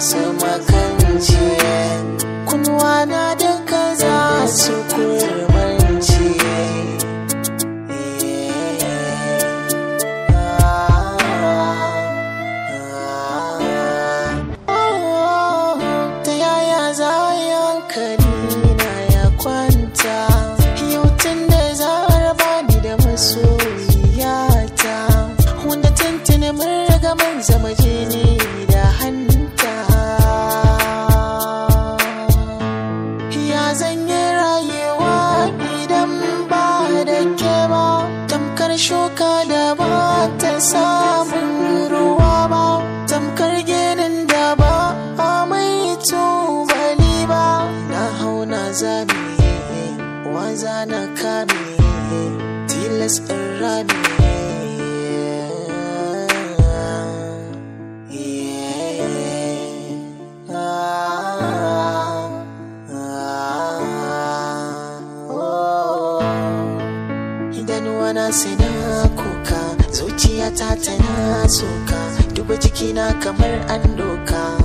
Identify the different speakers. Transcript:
Speaker 1: somewhere. samun ruwa ba tamkar ginin da ba a mai tubali ba na hauna zami wa na kame mana sai na kuka zuciyata tana soka duba jikina kamar an doka